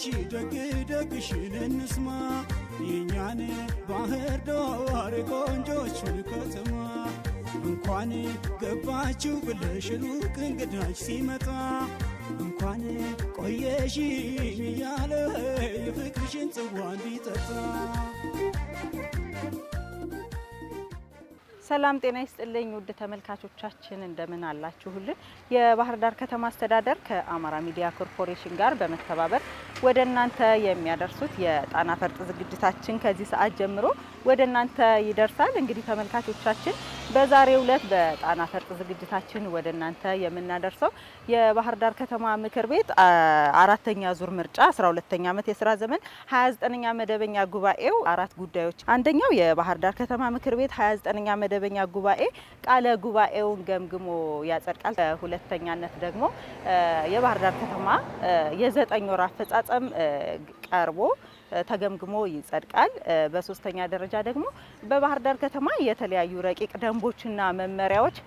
ሺ ደግ ደግሽን እንስማ የእኛን ባህር ዳር ቆንጆችን ከተማ እንኳን ገባችሁ ብለሽ ሩቅ እንግዳች ሲመጣ እንኳን ቆየሽ እያለ የፍቅርሽን ጽዋ እንዲጠጣ ሰላም ጤና ይስጥልኝ ውድ ተመልካቾቻችን እንደምን አላችሁልን? የባህር ዳር ከተማ አስተዳደር ከአማራ ሚዲያ ኮርፖሬሽን ጋር በመተባበር ወደ እናንተ የሚያደርሱት የጣና ፈርጥ ዝግጅታችን ከዚህ ሰዓት ጀምሮ ወደ እናንተ ይደርሳል። እንግዲህ ተመልካቾቻችን በዛሬው ዕለት በጣና ፈርጥ ዝግጅታችን ወደ እናንተ የምናደርሰው የባህር ዳር ከተማ ምክር ቤት አራተኛ ዙር ምርጫ 12ኛ ዓመት የስራ ዘመን 29ኛ መደበኛ ጉባኤው አራት ጉዳዮች አንደኛው የባህር ዳር ከተማ ምክር ቤት 29ኛ መደበኛ ጉባኤ ቃለ ጉባኤውን ገምግሞ ያጸድቃል። ሁለተኛነት ደግሞ የባህር ዳር ከተማ የዘጠኝ ወር አፈጻጸም ቀርቦ ተገምግሞ ይጸድቃል። በሶስተኛ ደረጃ ደግሞ በባህር ዳር ከተማ የተለያዩ ረቂቅ ደንቦችና መመሪያዎች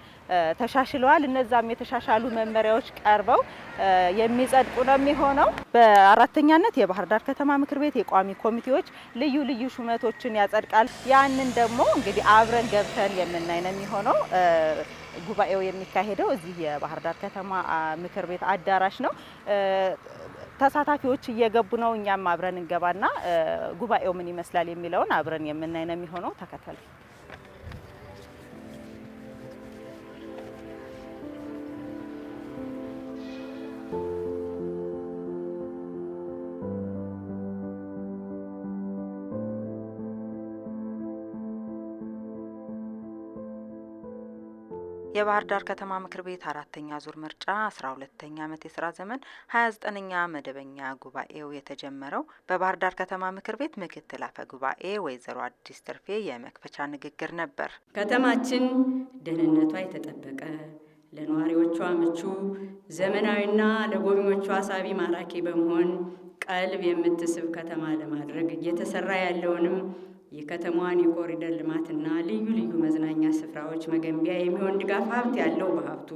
ተሻሽለዋል። እነዛም የተሻሻሉ መመሪያዎች ቀርበው የሚጸድቁ ነው የሚሆነው። በአራተኛነት የባህር ዳር ከተማ ምክር ቤት የቋሚ ኮሚቴዎች ልዩ ልዩ ሹመቶችን ያጸድቃል። ያንን ደግሞ እንግዲህ አብረን ገብተን የምናይ ነው የሚሆነው። ጉባኤው የሚካሄደው እዚህ የባህር ዳር ከተማ ምክር ቤት አዳራሽ ነው። ተሳታፊዎች እየገቡ ነው። እኛም አብረን እንገባና ጉባኤው ምን ይመስላል የሚለውን አብረን የምናይ ነው የሚሆነው። ተከተሉ። የባህር ዳር ከተማ ምክር ቤት አራተኛ ዙር ምርጫ አስራ ሁለተኛ ዓመት የስራ ዘመን ሀያ ዘጠነኛ መደበኛ ጉባኤው የተጀመረው በባህር ዳር ከተማ ምክር ቤት ምክትል አፈ ጉባኤ ወይዘሮ አዲስ ትርፌ የመክፈቻ ንግግር ነበር። ከተማችን ደህንነቷ የተጠበቀ ለነዋሪዎቿ ምቹ፣ ዘመናዊና ለጎብኚዎቿ ሳቢ ማራኪ በመሆን ቀልብ የምትስብ ከተማ ለማድረግ እየተሰራ ያለውንም የከተማዋን የኮሪደር ልማትና ልዩ ልዩ መዝናኛ ስፍራዎች መገንቢያ የሚሆን ድጋፍ ሀብት ያለው በሀብቱ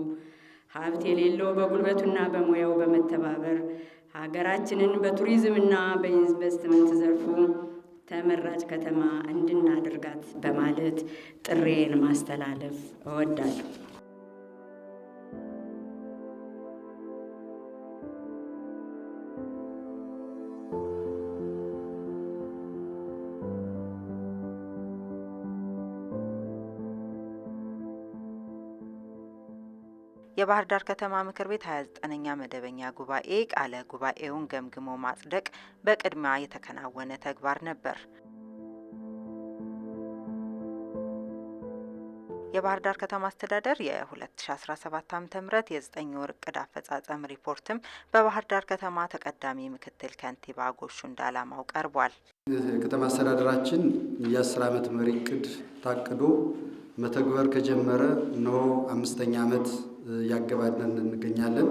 ሀብት የሌለው በጉልበቱና በሙያው በመተባበር ሀገራችንን በቱሪዝምና በኢንቨስትመንት ዘርፉ ተመራጭ ከተማ እንድናደርጋት በማለት ጥሬን ማስተላለፍ እወዳለሁ። የባህር ዳር ከተማ ምክር ቤት 29ኛ መደበኛ ጉባኤ ቃለ ጉባኤውን ገምግሞ ማጽደቅ በቅድሚያ የተከናወነ ተግባር ነበር። የባህር ዳር ከተማ አስተዳደር የ2017 ዓ ም የዘጠኝ ወር እቅድ አፈጻጸም ሪፖርትም በባህር ዳር ከተማ ተቀዳሚ ምክትል ከንቲባ ጎሹ እንዳላማው ቀርቧል። ከተማ አስተዳደራችን የ10 ዓመት መሪ እቅድ ታቅዶ መተግበር ከጀመረ እነሆ አምስተኛ ዓመት እያገባደን እንገኛለን።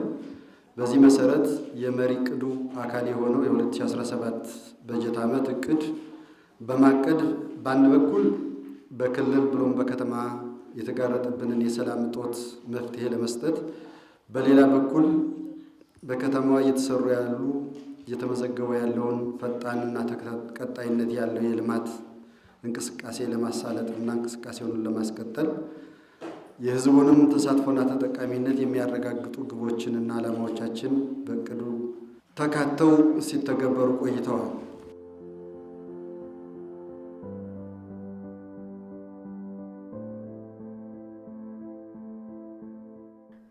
በዚህ መሰረት የመሪ እቅዱ አካል የሆነው የ2017 በጀት ዓመት እቅድ በማቀድ በአንድ በኩል በክልል ብሎም በከተማ የተጋረጠብንን የሰላም እጦት መፍትሄ ለመስጠት በሌላ በኩል በከተማዋ እየተሰሩ ያሉ እየተመዘገበ ያለውን ፈጣንና ቀጣይነት ያለው የልማት እንቅስቃሴ ለማሳለጥ እና እንቅስቃሴውን ለማስቀጠል የህዝቡንም ተሳትፎና ተጠቃሚነት የሚያረጋግጡ ግቦችንና ዓላማዎቻችን በእቅዱ ተካተው ሲተገበሩ ቆይተዋል።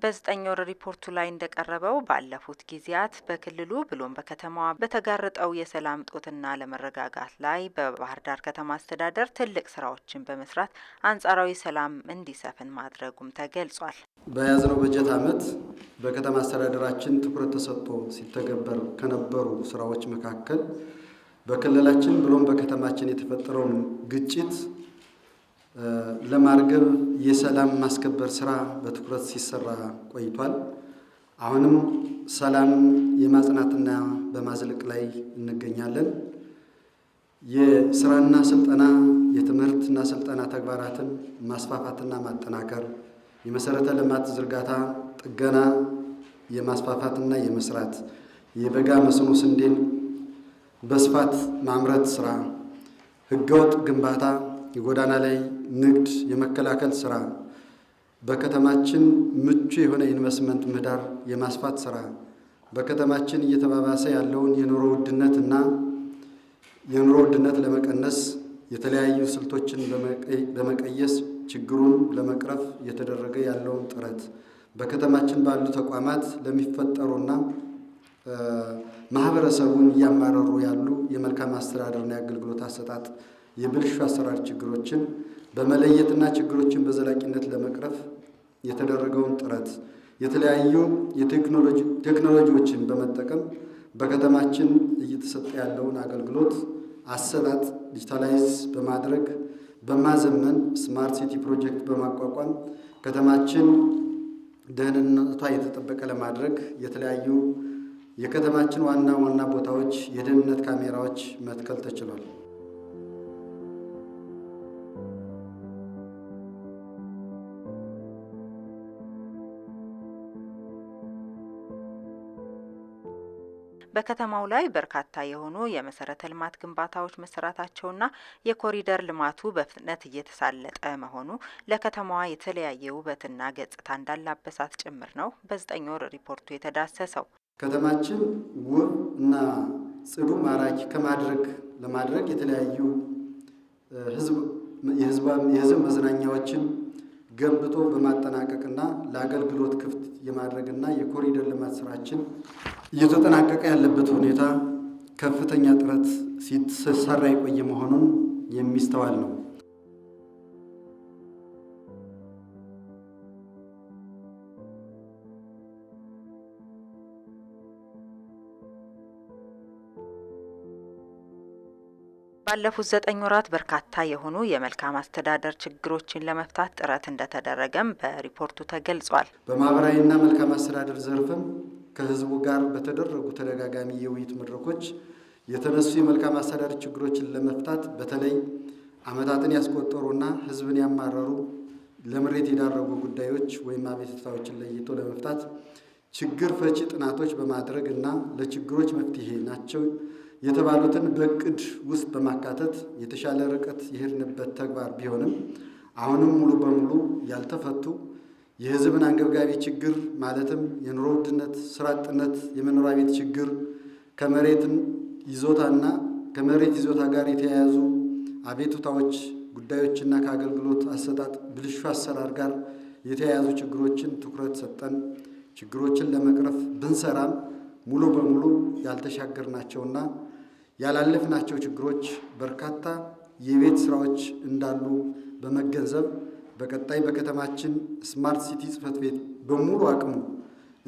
በዘጠኝ ወር ሪፖርቱ ላይ እንደቀረበው ባለፉት ጊዜያት በክልሉ ብሎም በከተማዋ በተጋረጠው የሰላም ጦትና ለመረጋጋት ላይ በባህር ዳር ከተማ አስተዳደር ትልቅ ስራዎችን በመስራት አንጻራዊ ሰላም እንዲሰፍን ማድረጉም ተገልጿል። በያዝነው በጀት ዓመት በከተማ አስተዳደራችን ትኩረት ተሰጥቶ ሲተገበር ከነበሩ ስራዎች መካከል በክልላችን ብሎም በከተማችን የተፈጠረውን ግጭት ለማርገብ የሰላም ማስከበር ስራ በትኩረት ሲሰራ ቆይቷል። አሁንም ሰላም የማጽናትና በማዝለቅ ላይ እንገኛለን። የስራና ስልጠና የትምህርትና ስልጠና ተግባራትን ማስፋፋትና ማጠናከር፣ የመሰረተ ልማት ዝርጋታ ጥገና የማስፋፋትና የመስራት፣ የበጋ መስኖ ስንዴን በስፋት ማምረት ስራ፣ ህገወጥ ግንባታ የጎዳና ላይ ንግድ የመከላከል ስራ፣ በከተማችን ምቹ የሆነ ኢንቨስትመንት ምህዳር የማስፋት ስራ፣ በከተማችን እየተባባሰ ያለውን የኑሮ ውድነት እና የኑሮ ውድነት ለመቀነስ የተለያዩ ስልቶችን በመቀየስ ችግሩን ለመቅረፍ እየተደረገ ያለውን ጥረት በከተማችን ባሉ ተቋማት ለሚፈጠሩና ማህበረሰቡን እያማረሩ ያሉ የመልካም አስተዳደርና የአገልግሎት አሰጣጥ የብልሹ አሰራር ችግሮችን በመለየትና ችግሮችን በዘላቂነት ለመቅረፍ የተደረገውን ጥረት የተለያዩ ቴክኖሎጂዎችን በመጠቀም በከተማችን እየተሰጠ ያለውን አገልግሎት አሰጣጥ ዲጂታላይዝ በማድረግ በማዘመን ስማርት ሲቲ ፕሮጀክት በማቋቋም ከተማችን ደህንነቷ የተጠበቀ ለማድረግ የተለያዩ የከተማችን ዋና ዋና ቦታዎች የደህንነት ካሜራዎች መትከል ተችሏል። በከተማው ላይ በርካታ የሆኑ የመሰረተ ልማት ግንባታዎች መሰራታቸውና የኮሪደር ልማቱ በፍጥነት እየተሳለጠ መሆኑ ለከተማዋ የተለያየ ውበትና ገጽታ እንዳላበሳት ጭምር ነው በዘጠኝ ወር ሪፖርቱ የተዳሰሰው። ከተማችን ውብ እና ጽዱ ማራኪ ከማድረግ ለማድረግ የተለያዩ የህዝብ መዝናኛዎችን ገንብቶ በማጠናቀቅና ለአገልግሎት ክፍት የማድረግና የኮሪደር ልማት ስራችን እየተጠናቀቀ ያለበት ሁኔታ ከፍተኛ ጥረት ሲሰራ የቆየ መሆኑን የሚስተዋል ነው። ባለፉት ዘጠኝ ወራት በርካታ የሆኑ የመልካም አስተዳደር ችግሮችን ለመፍታት ጥረት እንደተደረገም በሪፖርቱ ተገልጿል። በማህበራዊና መልካም አስተዳደር ዘርፍም ከህዝቡ ጋር በተደረጉ ተደጋጋሚ የውይይት መድረኮች የተነሱ የመልካም አስተዳደር ችግሮችን ለመፍታት በተለይ ዓመታትን ያስቆጠሩና ህዝብን ያማረሩ ለምሬት የዳረጉ ጉዳዮች ወይም አቤቱታዎችን ለይቶ ለመፍታት ችግር ፈቺ ጥናቶች በማድረግ እና ለችግሮች መፍትሄ ናቸው የተባሉትን በእቅድ ውስጥ በማካተት የተሻለ ርቀት የሄድንበት ተግባር ቢሆንም አሁንም ሙሉ በሙሉ ያልተፈቱ የሕዝብን አንገብጋቢ ችግር ማለትም የኑሮ ውድነት፣ ስራ አጥነት፣ የመኖሪያ ቤት ችግር ከመሬትን ይዞታና ከመሬት ይዞታ ጋር የተያያዙ አቤቱታዎች ጉዳዮችና ከአገልግሎት አሰጣጥ ብልሹ አሰራር ጋር የተያያዙ ችግሮችን ትኩረት ሰጠን ችግሮችን ለመቅረፍ ብንሰራም ሙሉ በሙሉ ያልተሻገርናቸውና ያላለፍናቸው ችግሮች በርካታ የቤት ስራዎች እንዳሉ በመገንዘብ በቀጣይ በከተማችን ስማርት ሲቲ ጽሕፈት ቤት በሙሉ አቅሙ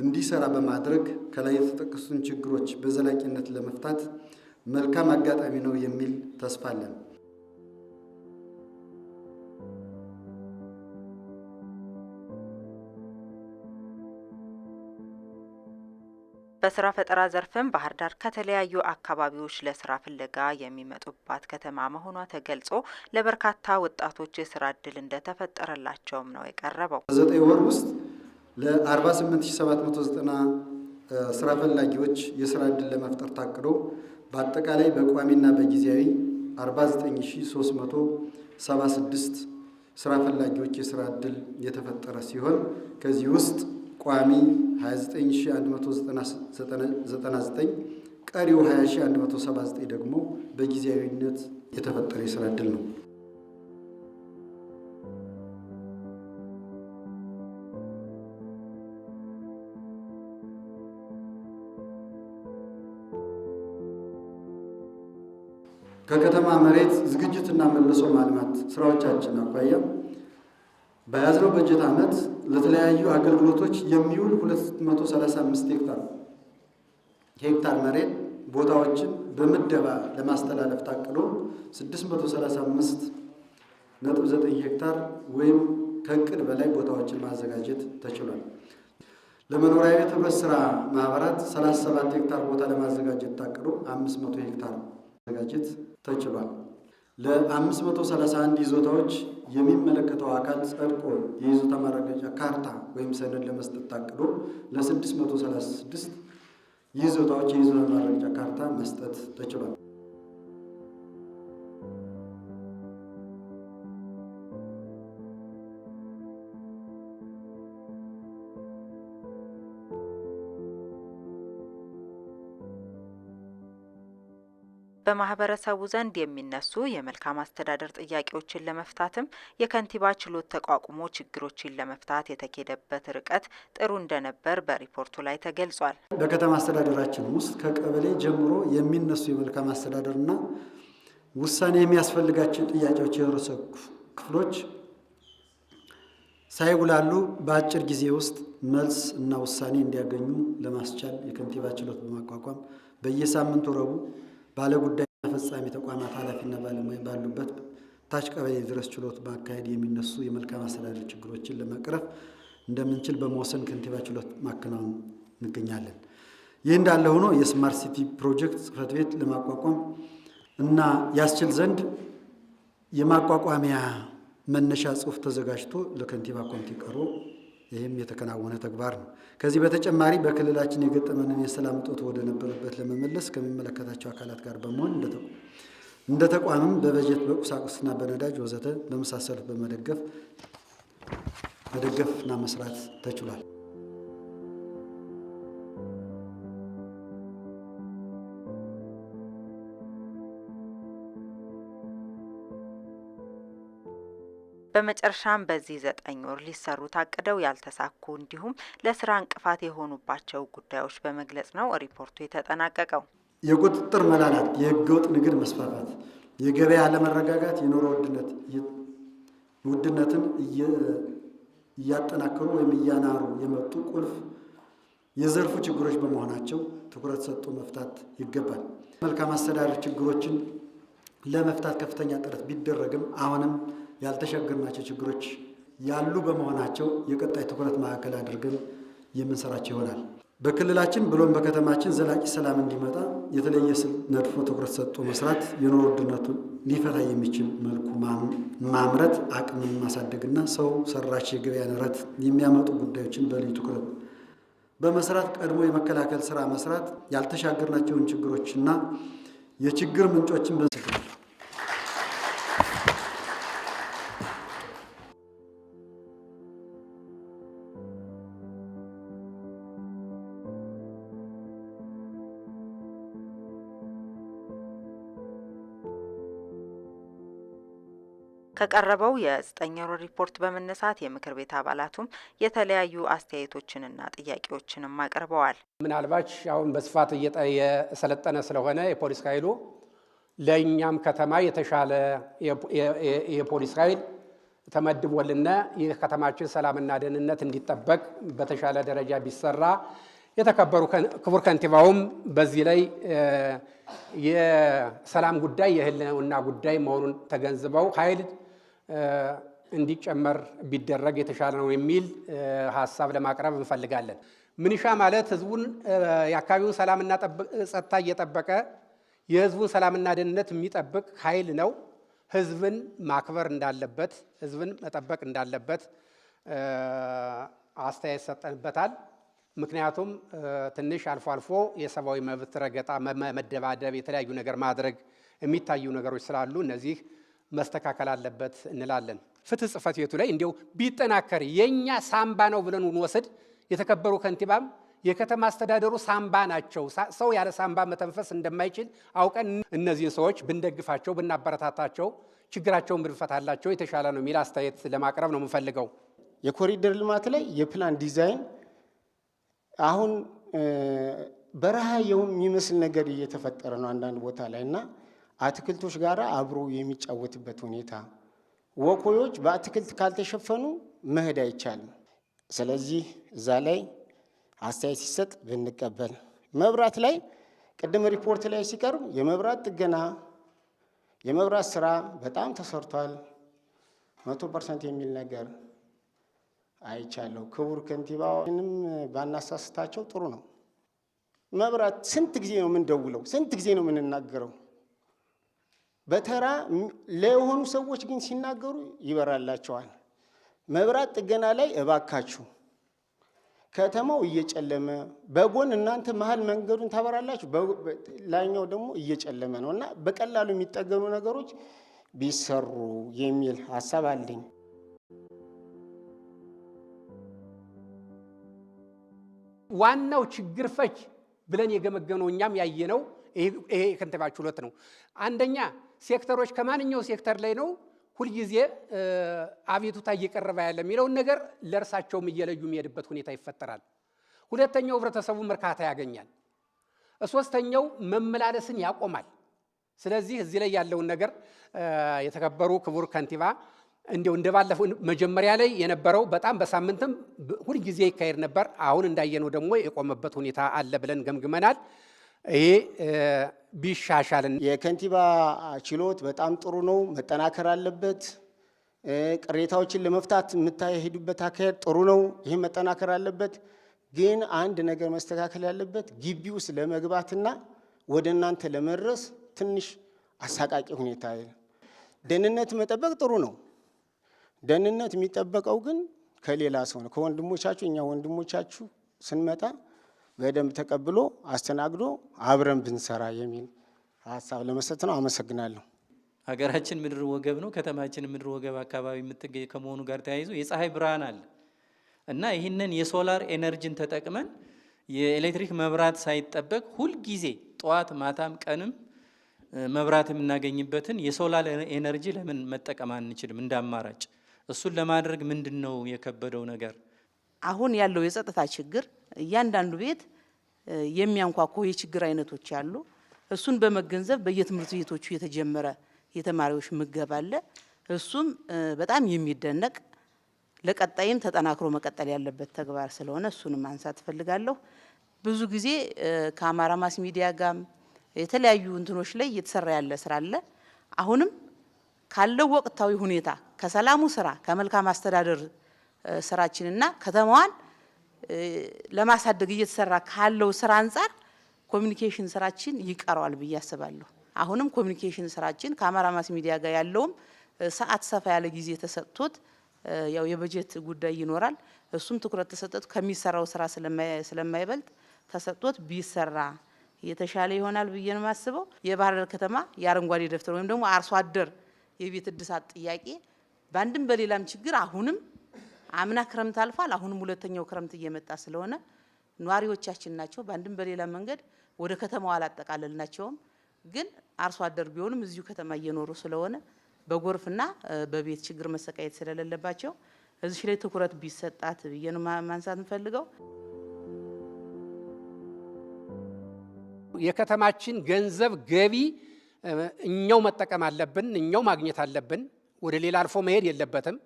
እንዲሰራ በማድረግ ከላይ የተጠቀሱትን ችግሮች በዘላቂነት ለመፍታት መልካም አጋጣሚ ነው የሚል ተስፋ አለን። በስራ ፈጠራ ዘርፍም ባህር ዳር ከተለያዩ አካባቢዎች ለስራ ፍለጋ የሚመጡባት ከተማ መሆኗ ተገልጾ ለበርካታ ወጣቶች የስራ እድል እንደተፈጠረላቸውም ነው የቀረበው። ዘጠኝ ወር ውስጥ ለ48790 ስራ ፈላጊዎች የስራ እድል ለመፍጠር ታቅዶ በአጠቃላይ በቋሚና በጊዜያዊ 49376 ስራ ፈላጊዎች የስራ እድል የተፈጠረ ሲሆን ከዚህ ውስጥ ቋሚ 29199 ቀሪው 20179 ደግሞ በጊዜያዊነት የተፈጠረ የስራ እድል ነው። ከከተማ መሬት ዝግጅትና መልሶ ማልማት ስራዎቻችን አኳያ በያዝነው በጀት ዓመት ለተለያዩ አገልግሎቶች የሚውል 235 ሄክታር ሄክታር መሬት ቦታዎችን በምደባ ለማስተላለፍ ታቅዶ 635 ነጥብ 9 ሄክታር ወይም ከእቅድ በላይ ቦታዎችን ማዘጋጀት ተችሏል። ለመኖሪያ ቤት ህብረት ስራ ማህበራት 37 ሄክታር ቦታ ለማዘጋጀት ታቅዶ 500 ሄክታር ማዘጋጀት ተችሏል። ለ531 ይዞታዎች የሚመለከተው አካል ጸድቆ የይዞታ ማረጋገጫ ካርታ ወይም ሰነድ ለመስጠት ታቅዶ ለ636 ይዞታዎች የይዞታ ማረጋገጫ ካርታ መስጠት ተችሏል። በማህበረሰቡ ዘንድ የሚነሱ የመልካም አስተዳደር ጥያቄዎችን ለመፍታትም የከንቲባ ችሎት ተቋቁሞ ችግሮችን ለመፍታት የተኬደበት ርቀት ጥሩ እንደነበር በሪፖርቱ ላይ ተገልጿል። በከተማ አስተዳደራችን ውስጥ ከቀበሌ ጀምሮ የሚነሱ የመልካም አስተዳደርና ውሳኔ የሚያስፈልጋቸው ጥያቄዎች የህብረተሰብ ክፍሎች ሳይጉላሉ በአጭር ጊዜ ውስጥ መልስ እና ውሳኔ እንዲያገኙ ለማስቻል የከንቲባ ችሎት በማቋቋም በየሳምንቱ ረቡዕ ባለጉዳይ ፈጻሚ ተቋማት ኃላፊና ባለሙያ ባሉበት ታች ቀበሌ ድረስ ችሎት ማካሄድ የሚነሱ የመልካም አስተዳደር ችግሮችን ለመቅረፍ እንደምንችል በመወሰን ከንቲባ ችሎት ማከናወን እንገኛለን። ይህ እንዳለ ሆኖ የስማርት ሲቲ ፕሮጀክት ጽህፈት ቤት ለማቋቋም እና ያስችል ዘንድ የማቋቋሚያ መነሻ ጽሑፍ ተዘጋጅቶ ለከንቲባ ኮሚቴ ቀርቦ ይህም የተከናወነ ተግባር ነው። ከዚህ በተጨማሪ በክልላችን የገጠመንን የሰላም እጦት ወደ ነበረበት ለመመለስ ከሚመለከታቸው አካላት ጋር በመሆን እንደ ተቋምም በበጀት በቁሳቁስና በነዳጅ ወዘተ በመሳሰሉት በመደገፍ መደገፍና መስራት ተችሏል። በመጨረሻም በዚህ ዘጠኝ ወር ሊሰሩ ታቅደው ያልተሳኩ እንዲሁም ለስራ እንቅፋት የሆኑባቸው ጉዳዮች በመግለጽ ነው ሪፖርቱ የተጠናቀቀው። የቁጥጥር መላላት፣ የህገወጥ ንግድ መስፋፋት፣ የገበያ አለመረጋጋት የኑሮ ውድነት ውድነትን እያጠናከሩ ወይም እያናሩ የመጡ ቁልፍ የዘርፉ ችግሮች በመሆናቸው ትኩረት ሰጥቶ መፍታት ይገባል። መልካም አስተዳደር ችግሮችን ለመፍታት ከፍተኛ ጥረት ቢደረግም አሁንም ያልተሻገርናቸው ችግሮች ያሉ በመሆናቸው የቀጣይ ትኩረት ማዕከል አድርገን የምንሰራቸው ይሆናል። በክልላችን ብሎም በከተማችን ዘላቂ ሰላም እንዲመጣ የተለየ ስል ነድፎ ትኩረት ሰጥቶ መስራት፣ የኑሮ ውድነቱን ሊፈታ የሚችል መልኩ ማምረት፣ አቅምን ማሳደግና ሰው ሰራሽ የገበያ ንረት የሚያመጡ ጉዳዮችን በልዩ ትኩረት በመስራት ቀድሞ የመከላከል ስራ መስራት፣ ያልተሻገርናቸውን ችግሮችና የችግር ምንጮችን በንስት ከቀረበው የዘጠኝ ወር ሪፖርት በመነሳት የምክር ቤት አባላቱም የተለያዩ አስተያየቶችንና ጥያቄዎችንም አቅርበዋል። ምናልባት አሁን በስፋት የሰለጠነ ስለሆነ የፖሊስ ኃይሉ ለእኛም ከተማ የተሻለ የፖሊስ ኃይል ተመድቦልነ ይህ ከተማችን ሰላምና ደህንነት እንዲጠበቅ በተሻለ ደረጃ ቢሰራ የተከበሩ ክቡር ከንቲባውም በዚህ ላይ የሰላም ጉዳይ የህልውና ጉዳይ መሆኑን ተገንዝበው ኃይል እንዲጨመር ቢደረግ የተሻለ ነው የሚል ሀሳብ ለማቅረብ እንፈልጋለን። ምንሻ ማለት ህዝቡን የአካባቢውን ሰላምና ጸጥታ እየጠበቀ የህዝቡን ሰላምና ደህንነት የሚጠብቅ ኃይል ነው። ህዝብን ማክበር እንዳለበት፣ ህዝብን መጠበቅ እንዳለበት አስተያየት ሰጠንበታል። ምክንያቱም ትንሽ አልፎ አልፎ የሰብአዊ መብት ረገጣ፣ መደባደብ፣ የተለያዩ ነገር ማድረግ የሚታዩ ነገሮች ስላሉ እነዚህ መስተካከል አለበት እንላለን። ፍትህ ጽፈት ቤቱ ላይ እንዲው ቢጠናከር የእኛ ሳምባ ነው ብለን ውንወስድ የተከበሩ ከንቲባም የከተማ አስተዳደሩ ሳምባ ናቸው። ሰው ያለ ሳምባ መተንፈስ እንደማይችል አውቀን እነዚህን ሰዎች ብንደግፋቸው፣ ብናበረታታቸው ችግራቸውን ብንፈታላቸው የተሻለ ነው የሚል አስተያየት ለማቅረብ ነው የምንፈልገው። የኮሪደር ልማት ላይ የፕላን ዲዛይን አሁን በረሃ የሚመስል ነገር እየተፈጠረ ነው አንዳንድ ቦታ ላይ እና አትክልቶች ጋር አብሮ የሚጫወትበት ሁኔታ ወኮዮች በአትክልት ካልተሸፈኑ መሄድ አይቻልም። ስለዚህ እዛ ላይ አስተያየት ሲሰጥ ብንቀበል። መብራት ላይ ቅድም ሪፖርት ላይ ሲቀርብ የመብራት ጥገና የመብራት ስራ በጣም ተሰርቷል፣ መቶ ፐርሰንት የሚል ነገር አይቻለሁ። ክቡር ከንቲባንም ባናሳስታቸው ጥሩ ነው። መብራት ስንት ጊዜ ነው የምንደውለው? ስንት ጊዜ ነው የምንናገረው? በተራ ለሆኑ ሰዎች ግን ሲናገሩ ይበራላቸዋል። መብራት ጥገና ላይ እባካችሁ ከተማው እየጨለመ በጎን እናንተ መሀል መንገዱን ታበራላችሁ፣ ላይኛው ደግሞ እየጨለመ ነው እና በቀላሉ የሚጠገኑ ነገሮች ቢሰሩ የሚል ሀሳብ አለኝ። ዋናው ችግር ፈች ብለን የገመገነው እኛም ያየነው ይሄ የከንቲባ ችሎት ነው። አንደኛ ሴክተሮች ከማንኛው ሴክተር ላይ ነው ሁልጊዜ አቤቱታ እየቀረበ ያለ የሚለውን ነገር ለእርሳቸውም እየለዩ የሚሄድበት ሁኔታ ይፈጠራል። ሁለተኛው ህብረተሰቡ እርካታ ያገኛል። ሶስተኛው መመላለስን ያቆማል። ስለዚህ እዚህ ላይ ያለውን ነገር የተከበሩ ክቡር ከንቲባ እንዲው እንደባለፈው መጀመሪያ ላይ የነበረው በጣም በሳምንትም ሁልጊዜ ይካሄድ ነበር። አሁን እንዳየነው ደግሞ የቆመበት ሁኔታ አለ ብለን ገምግመናል። ይሄ ቢሻሻል የከንቲባ ችሎት በጣም ጥሩ ነው፣ መጠናከር አለበት። ቅሬታዎችን ለመፍታት የምታሄዱበት አካሄድ ጥሩ ነው፣ ይህም መጠናከር አለበት። ግን አንድ ነገር መስተካከል ያለበት ግቢ ውስጥ ለመግባትና ወደ እናንተ ለመድረስ ትንሽ አሳቃቂ ሁኔታ ደህንነት መጠበቅ ጥሩ ነው። ደህንነት የሚጠበቀው ግን ከሌላ ሰው ነው፣ ከወንድሞቻችሁ እኛ ወንድሞቻችሁ ስንመጣ በደንብ ተቀብሎ አስተናግዶ አብረን ብንሰራ የሚል ሀሳብ ለመስጠት ነው። አመሰግናለሁ። ሀገራችን ምድር ወገብ ነው። ከተማችን ምድር ወገብ አካባቢ የምትገኝ ከመሆኑ ጋር ተያይዞ የፀሐይ ብርሃን አለ እና ይህንን የሶላር ኤነርጂን ተጠቅመን የኤሌክትሪክ መብራት ሳይጠበቅ ሁልጊዜ ጠዋት ማታም ቀንም መብራት የምናገኝበትን የሶላር ኤነርጂ ለምን መጠቀም አንችልም እንደ አማራጭ? እሱን ለማድረግ ምንድን ነው የከበደው ነገር? አሁን ያለው የጸጥታ ችግር እያንዳንዱ ቤት የሚያንኳኮ የችግር አይነቶች አሉ። እሱን በመገንዘብ በየትምህርት ቤቶቹ የተጀመረ የተማሪዎች ምገባ አለ። እሱም በጣም የሚደነቅ ለቀጣይም ተጠናክሮ መቀጠል ያለበት ተግባር ስለሆነ እሱንም ማንሳት እፈልጋለሁ። ብዙ ጊዜ ከአማራ ማስ ሚዲያ ጋር የተለያዩ እንትኖች ላይ እየተሰራ ያለ ስራ አለ አሁንም ካለው ወቅታዊ ሁኔታ ከሰላሙ ስራ ከመልካም አስተዳደር ስራችንና ከተማዋን ለማሳደግ እየተሰራ ካለው ስራ አንጻር ኮሚኒኬሽን ስራችን ይቀረዋል ብዬ አስባለሁ። አሁንም ኮሚኒኬሽን ስራችን ከአማራ ማስ ሚዲያ ጋር ያለውም ሰዓት ሰፋ ያለ ጊዜ ተሰጥቶት ያው የበጀት ጉዳይ ይኖራል። እሱም ትኩረት ተሰጠቱ ከሚሰራው ስራ ስለማይበልጥ ተሰጥቶት ቢሰራ የተሻለ ይሆናል ብዬ ነው የማስበው። የባህር ዳር ከተማ የአረንጓዴ ደብተር ወይም ደግሞ አርሶ አደር የቤት እድሳት ጥያቄ በአንድም በሌላም ችግር አሁንም አምና ክረምት አልፏል። አሁንም ሁለተኛው ክረምት እየመጣ ስለሆነ ነዋሪዎቻችን ናቸው። በአንድም በሌላ መንገድ ወደ ከተማው አላጠቃለልናቸውም። ግን አርሶ አደር ቢሆንም እዚሁ ከተማ እየኖሩ ስለሆነ በጎርፍና በቤት ችግር መሰቃየት ስለሌለባቸው እዚህ ላይ ትኩረት ቢሰጣት ብዬ ማንሳት እንፈልገው። የከተማችን ገንዘብ ገቢ እኛው መጠቀም አለብን፣ እኛው ማግኘት አለብን። ወደ ሌላ አልፎ መሄድ የለበትም።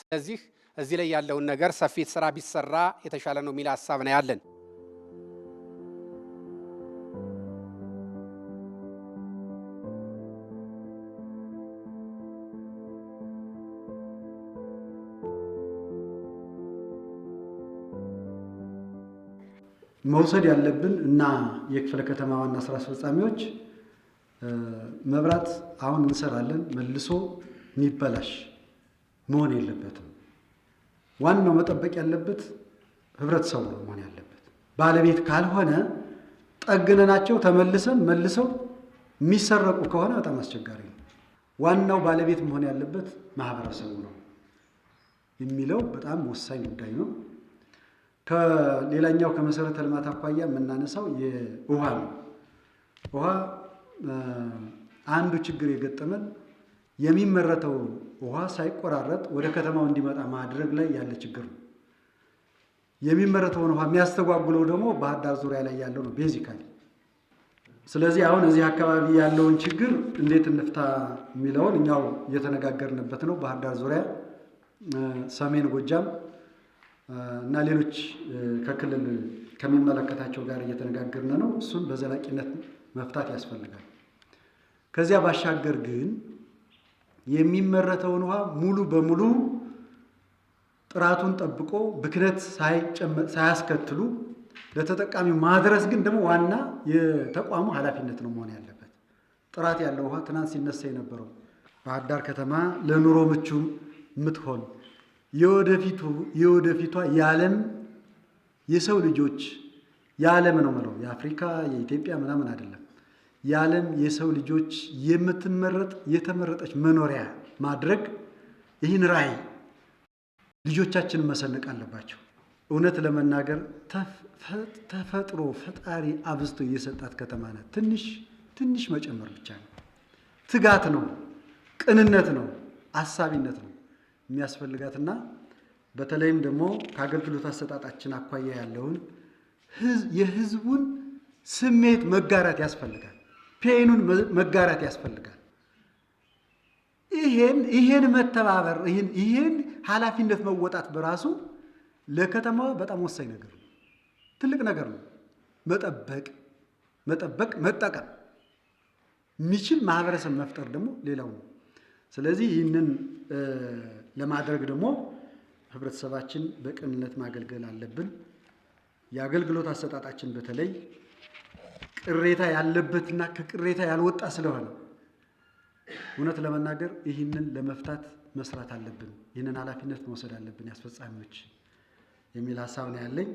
ስለዚህ እዚህ ላይ ያለውን ነገር ሰፊ ስራ ቢሰራ የተሻለ ነው የሚል ሀሳብ ነው ያለን። መውሰድ ያለብን እና የክፍለ ከተማ ዋና ስራ አስፈጻሚዎች መብራት አሁን እንሰራለን መልሶ የሚበላሽ መሆን የለበትም። ዋናው መጠበቅ ያለበት ህብረተሰቡ ነው መሆን ያለበት። ባለቤት ካልሆነ ጠግነናቸው ተመልሰን መልሰው የሚሰረቁ ከሆነ በጣም አስቸጋሪ ነው። ዋናው ባለቤት መሆን ያለበት ማህበረሰቡ ነው የሚለው በጣም ወሳኝ ጉዳይ ነው። ከሌላኛው ከመሰረተ ልማት አኳያ የምናነሳው የውሃ ነው። ውሃ አንዱ ችግር የገጠመን የሚመረተው ውሃ ሳይቆራረጥ ወደ ከተማው እንዲመጣ ማድረግ ላይ ያለ ችግር ነው። የሚመረተውን ውሃ የሚያስተጓጉለው ደግሞ ባህር ዳር ዙሪያ ላይ ያለው ነው ቤዚካሊ። ስለዚህ አሁን እዚህ አካባቢ ያለውን ችግር እንዴት እንፍታ የሚለውን እኛው እየተነጋገርንበት ነው። ባህር ዳር ዙሪያ፣ ሰሜን ጎጃም እና ሌሎች ከክልል ከሚመለከታቸው ጋር እየተነጋገርን ነው። እሱን በዘላቂነት መፍታት ያስፈልጋል። ከዚያ ባሻገር ግን የሚመረተውን ውሃ ሙሉ በሙሉ ጥራቱን ጠብቆ ብክነት ሳያስከትሉ ለተጠቃሚው ማድረስ ግን ደግሞ ዋና የተቋሙ ኃላፊነት ነው መሆን ያለበት። ጥራት ያለው ውሃ ትናንት ሲነሳ የነበረው ባህር ዳር ከተማ ለኑሮ ምቹ የምትሆን የወደፊቱ የወደፊቷ የዓለም የሰው ልጆች የዓለም ነው ምለው የአፍሪካ የኢትዮጵያ ምናምን አይደለም የዓለም የሰው ልጆች የምትመረጥ የተመረጠች መኖሪያ ማድረግ ይህን ራዕይ ልጆቻችንን መሰነቅ አለባቸው። እውነት ለመናገር ተፈጥሮ ፈጣሪ አብዝቶ እየሰጣት ከተማ ናት። ትንሽ ትንሽ መጨመር ብቻ ነው። ትጋት ነው፣ ቅንነት ነው፣ አሳቢነት ነው የሚያስፈልጋትና በተለይም ደግሞ ከአገልግሎት አሰጣጣችን አኳያ ያለውን የህዝቡን ስሜት መጋራት ያስፈልጋል። ፔኑን መጋራት ያስፈልጋል። ይሄን ይሄን መተባበር ይሄን ኃላፊነት መወጣት በራሱ ለከተማዋ በጣም ወሳኝ ነገር ነው፣ ትልቅ ነገር ነው። መጠበቅ መጠበቅ መጠቀም የሚችል ማህበረሰብ መፍጠር ደግሞ ሌላው ነው። ስለዚህ ይህንን ለማድረግ ደግሞ ህብረተሰባችን በቅንነት ማገልገል አለብን። የአገልግሎት አሰጣጣችን በተለይ ቅሬታ ያለበትና ከቅሬታ ያልወጣ ስለሆነ እውነት ለመናገር ይህንን ለመፍታት መስራት አለብን። ይህንን ኃላፊነት መውሰድ አለብን ያስፈጻሚዎች የሚል ሀሳብ ነው ያለኝ።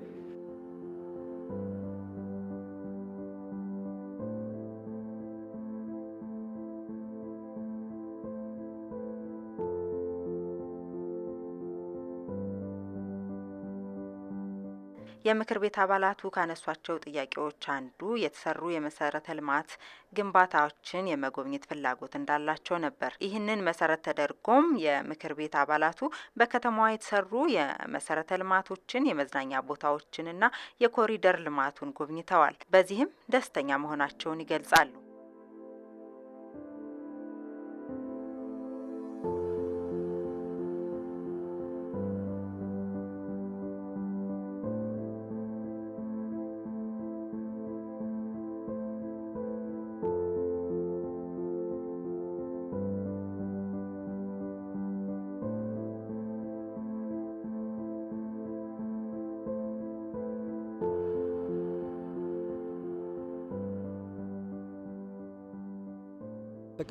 የምክር ቤት አባላቱ ካነሷቸው ጥያቄዎች አንዱ የተሰሩ የመሰረተ ልማት ግንባታዎችን የመጎብኘት ፍላጎት እንዳላቸው ነበር። ይህንን መሰረት ተደርጎም የምክር ቤት አባላቱ በከተማዋ የተሰሩ የመሰረተ ልማቶችን፣ የመዝናኛ ቦታዎችንና የኮሪደር ልማቱን ጎብኝተዋል። በዚህም ደስተኛ መሆናቸውን ይገልጻሉ።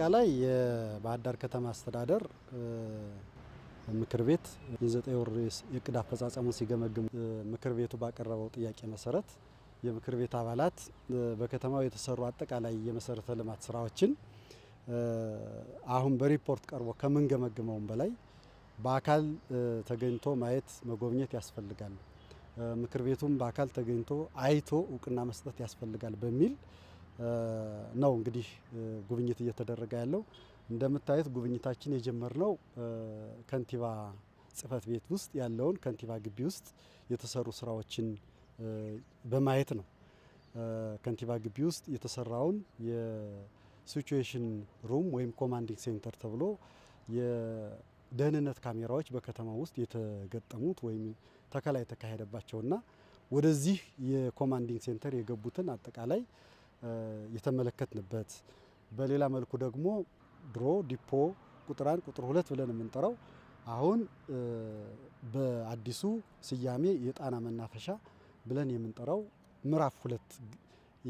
አጠቃላይ የባህር ዳር ከተማ አስተዳደር ምክር ቤት የዘጠኝ ወር የእቅድ አፈጻጸሙን ሲገመግም ምክር ቤቱ ባቀረበው ጥያቄ መሰረት የምክር ቤት አባላት በከተማው የተሰሩ አጠቃላይ የመሰረተ ልማት ስራዎችን አሁን በሪፖርት ቀርቦ ከምንገመግመውም በላይ በአካል ተገኝቶ ማየት መጎብኘት ያስፈልጋል። ምክር ቤቱም በአካል ተገኝቶ አይቶ እውቅና መስጠት ያስፈልጋል በሚል ነው እንግዲህ ጉብኝት እየተደረገ ያለው። እንደምታዩት ጉብኝታችን የጀመርነው ከንቲባ ጽህፈት ቤት ውስጥ ያለውን ከንቲባ ግቢ ውስጥ የተሰሩ ስራዎችን በማየት ነው። ከንቲባ ግቢ ውስጥ የተሰራውን የሲቹዌሽን ሩም ወይም ኮማንዲንግ ሴንተር ተብሎ የደህንነት ካሜራዎች በከተማ ውስጥ የተገጠሙት ወይም ተከላ የተካሄደባቸውና ወደዚህ የኮማንዲንግ ሴንተር የገቡትን አጠቃላይ የተመለከትንበት በሌላ መልኩ ደግሞ ድሮ ዲፖ ቁጥር አንድ ቁጥር ሁለት ብለን የምንጠራው አሁን በአዲሱ ስያሜ የጣና መናፈሻ ብለን የምንጠራው ምዕራፍ ሁለት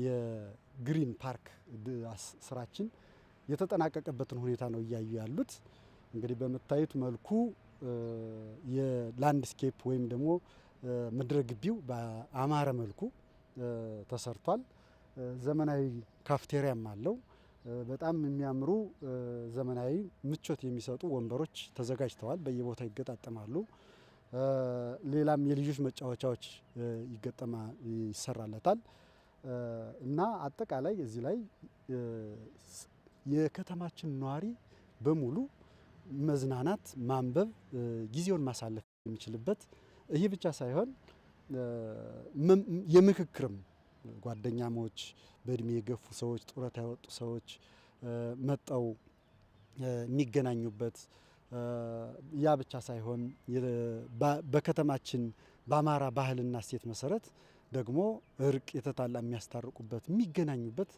የግሪን ፓርክ ስራችን የተጠናቀቀበትን ሁኔታ ነው እያዩ ያሉት። እንግዲህ በምታዩት መልኩ የላንድስኬፕ ወይም ደግሞ ምድረ ግቢው በአማረ መልኩ ተሰርቷል። ዘመናዊ ካፍቴሪያም አለው። በጣም የሚያምሩ ዘመናዊ ምቾት የሚሰጡ ወንበሮች ተዘጋጅተዋል። በየቦታው ይገጣጠማሉ። ሌላም የልጆች መጫወቻዎች ይገጠማ ይሰራለታል እና አጠቃላይ እዚህ ላይ የከተማችን ነዋሪ በሙሉ መዝናናት፣ ማንበብ፣ ጊዜውን ማሳለፍ የሚችልበት ይህ ብቻ ሳይሆን የምክክርም ጓደኛሞች፣ በእድሜ የገፉ ሰዎች፣ ጡረታ ያወጡ ሰዎች መጠው የሚገናኙበት ያ ብቻ ሳይሆን በከተማችን በአማራ ባህልና እሴት መሰረት ደግሞ እርቅ የተጣላ የሚያስታርቁበት የሚገናኙበት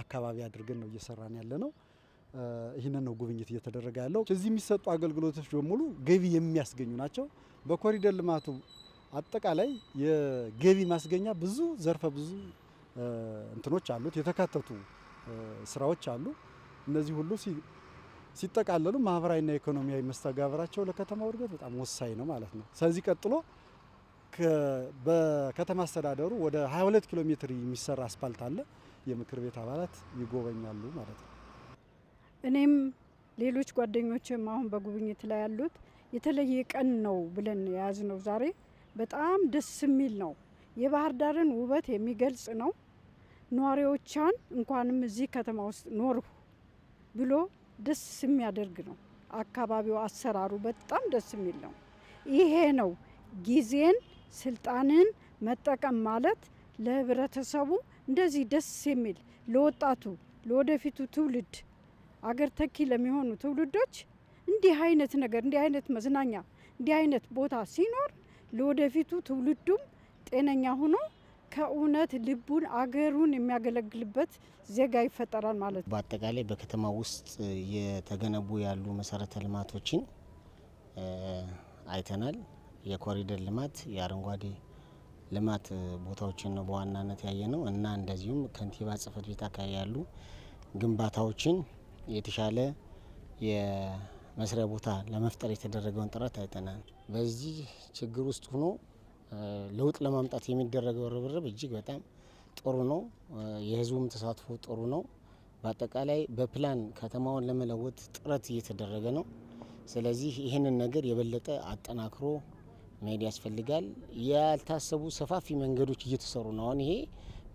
አካባቢ አድርገን ነው እየሰራን ያለ ነው። ይህንን ነው ጉብኝት እየተደረገ ያለው። እዚህ የሚሰጡ አገልግሎቶች በሙሉ ገቢ የሚያስገኙ ናቸው። በኮሪደር ልማቱ አጠቃላይ የገቢ ማስገኛ ብዙ ዘርፈ ብዙ እንትኖች አሉት፣ የተካተቱ ስራዎች አሉ። እነዚህ ሁሉ ሲጠቃለሉ ማህበራዊና ኢኮኖሚያዊ መስተጋብራቸው ለከተማው እድገት በጣም ወሳኝ ነው ማለት ነው። ስለዚህ ቀጥሎ በከተማ አስተዳደሩ ወደ 22 ኪሎ ሜትር የሚሰራ አስፓልት አለ። የምክር ቤት አባላት ይጎበኛሉ ማለት ነው። እኔም ሌሎች ጓደኞችም አሁን በጉብኝት ላይ ያሉት የተለየ ቀን ነው ብለን የያዝነው ዛሬ በጣም ደስ የሚል ነው። የባህር ዳርን ውበት የሚገልጽ ነው። ነዋሪዎቿን እንኳንም እዚህ ከተማ ውስጥ ኖርሁ ብሎ ደስ የሚያደርግ ነው። አካባቢው አሰራሩ በጣም ደስ የሚል ነው። ይሄ ነው ጊዜን፣ ስልጣንን መጠቀም ማለት ለህብረተሰቡ እንደዚህ ደስ የሚል ለወጣቱ፣ ለወደፊቱ ትውልድ አገር ተኪ ለሚሆኑ ትውልዶች እንዲህ አይነት ነገር እንዲህ አይነት መዝናኛ እንዲህ አይነት ቦታ ሲኖር ለወደፊቱ ትውልዱም ጤነኛ ሆኖ ከእውነት ልቡን አገሩን የሚያገለግልበት ዜጋ ይፈጠራል ማለት ነው። በአጠቃላይ በከተማ ውስጥ የተገነቡ ያሉ መሰረተ ልማቶችን አይተናል። የኮሪደር ልማት፣ የአረንጓዴ ልማት ቦታዎችን ነው በዋናነት ያየ ነው እና እንደዚሁም ከንቲባ ጽህፈት ቤት አካባቢ ያሉ ግንባታዎችን የተሻለ መስሪያ ቦታ ለመፍጠር የተደረገውን ጥረት አይተናል። በዚህ ችግር ውስጥ ሆኖ ለውጥ ለማምጣት የሚደረገው ርብርብ እጅግ በጣም ጥሩ ነው። የህዝቡም ተሳትፎ ጥሩ ነው። በአጠቃላይ በፕላን ከተማውን ለመለወጥ ጥረት እየተደረገ ነው። ስለዚህ ይህንን ነገር የበለጠ አጠናክሮ መሄድ ያስፈልጋል። ያልታሰቡ ሰፋፊ መንገዶች እየተሰሩ ነው። አሁን ይሄ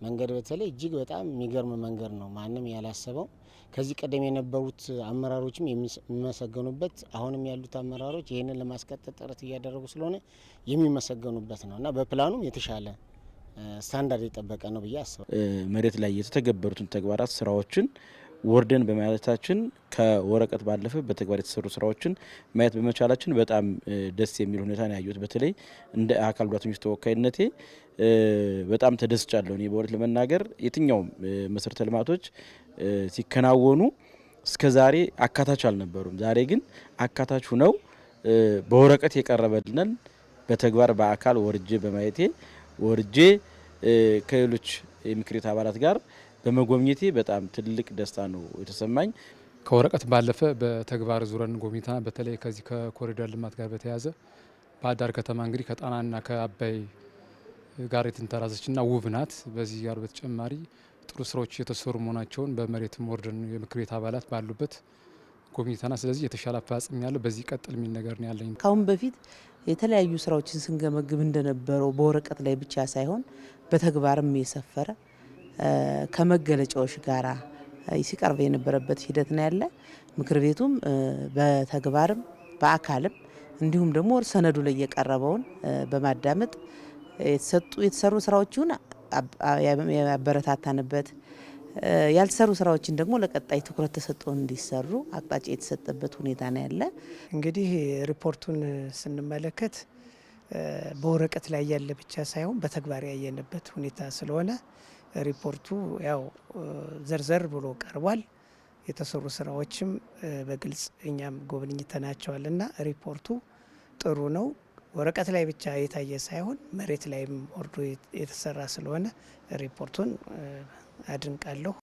መንገድ በተለይ እጅግ በጣም የሚገርም መንገድ ነው። ማንም ያላሰበው ከዚህ ቀደም የነበሩት አመራሮችም የሚመሰገኑበት አሁንም ያሉት አመራሮች ይህንን ለማስቀጠል ጥረት እያደረጉ ስለሆነ የሚመሰገኑበት ነው እና በፕላኑም የተሻለ ስታንዳርድ የጠበቀ ነው ብዬ አስባለሁ። መሬት ላይ የተተገበሩትን ተግባራት ስራዎችን ወርደን በማየታችን ከወረቀት ባለፈ በተግባር የተሰሩ ስራዎችን ማየት በመቻላችን በጣም ደስ የሚል ሁኔታ ነው ያየሁት። በተለይ እንደ አካል ጉዳተኞች ተወካይነቴ በጣም ተደስቻለሁ። እኔ በእውነት ለመናገር የትኛውም መሰረተ ልማቶች ሲከናወኑ እስከ ዛሬ አካታች አልነበሩም። ዛሬ ግን አካታች ሁነው በወረቀት የቀረበልናል በተግባር በአካል ወርጄ በማየቴ ወርጄ ከሌሎች የምክር ቤት አባላት ጋር በመጎብኘቴ በጣም ትልቅ ደስታ ነው የተሰማኝ። ከወረቀት ባለፈ በተግባር ዙረን ጎብኝታ በተለይ ከዚህ ከኮሪደር ልማት ጋር በተያያዘ ዳር ከተማ እንግዲህ ከጣናና ከአባይ ጋር የተንተራሰችና ውብ ናት። በዚህ ጋር በተጨማሪ ጥሩ ስራዎች የተሰሩ መሆናቸውን በመሬት ወርድን የምክር ቤት አባላት ባሉበት ጎብኝተና ስለዚህ የተሻለ አፈጻጸም ያለው በዚህ ቀጥል የሚል ነገር ነው ያለኝ። ካሁን በፊት የተለያዩ ስራዎችን ስንገመግብ እንደነበረው በወረቀት ላይ ብቻ ሳይሆን በተግባርም የሰፈረ ከመገለጫዎች ጋራ ሲቀርብ የነበረበት ሂደት ነው ያለ። ምክር ቤቱም በተግባርም በአካልም እንዲሁም ደግሞ ሰነዱ ላይ የቀረበውን በማዳመጥ የተሰጡ የተሰሩ ስራዎችን ያበረታታንበት ያልተሰሩ ስራዎችን ደግሞ ለቀጣይ ትኩረት ተሰጥቶ እንዲሰሩ አቅጣጫ የተሰጠበት ሁኔታ ነው ያለ። እንግዲህ ሪፖርቱን ስንመለከት በወረቀት ላይ ያለ ብቻ ሳይሆን በተግባር ያየንበት ሁኔታ ስለሆነ ሪፖርቱ ያው ዘርዘር ብሎ ቀርቧል። የተሰሩ ስራዎችም በግልጽ እኛም ጎብኝተናቸዋል እና ሪፖርቱ ጥሩ ነው። ወረቀት ላይ ብቻ የታየ ሳይሆን መሬት ላይም ወርዶ የተሰራ ስለሆነ ሪፖርቱን አድንቃለሁ።